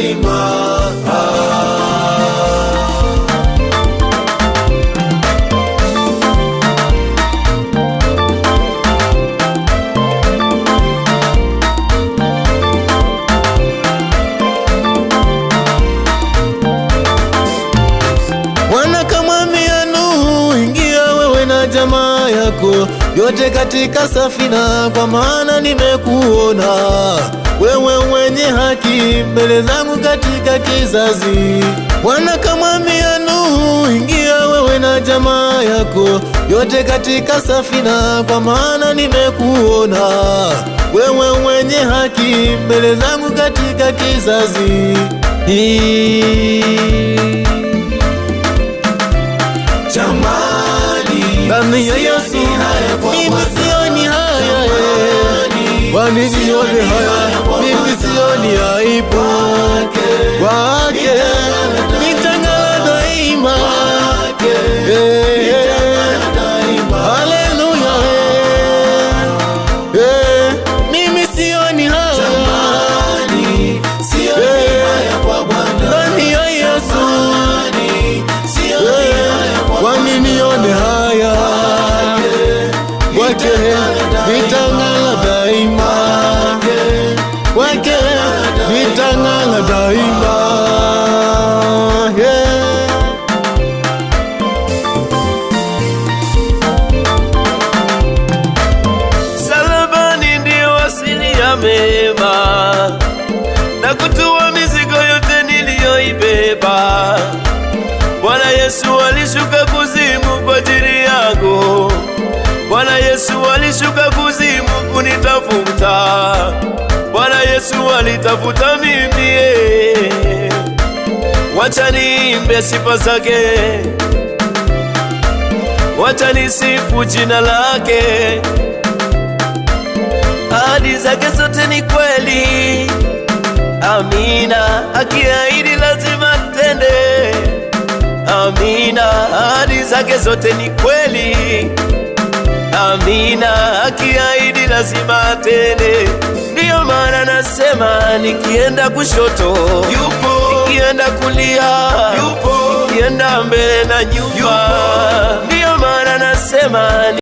daima Bwana kamwambia Nuhu, ingia wewe na jamaa yako yote katika safina, kwa maana nimekuona wewe mwenye haki mbele zangu katika kizazi. Bwana kamwambia Nuhu, ingia wewe na jamaa yako yote katika safina, kwa maana nimekuona wewe mwenye haki mbele zangu katika kizazi hii. nini yote haya mimi sioni aibu kwake, nitangala daima eh, eh, haleluya. Eh, mimi sioni ya Yesu, kwa nini haya kwake nitangala nitang'ang'a daima. ya mema na mizigo yote niliyoibeba. Bwana Yesu alishuka kuzimu kwa ajili yangu. Bwana Yesu alishuka kuzimu kunitafuta. Yesu alitafuta mimi, wacha niimbe sifa zake, wacha nisifu jina lake. Ahadi zake zote ni kweli, amina. Akiahidi lazima tende, amina. Ahadi zake zote ni kweli, amina. Akiahidi lazima tende ndiyo maana nasema nikienda kushoto yupo, nikienda kulia yupo, nikienda mbele na nyuma, ndiyo maana nasema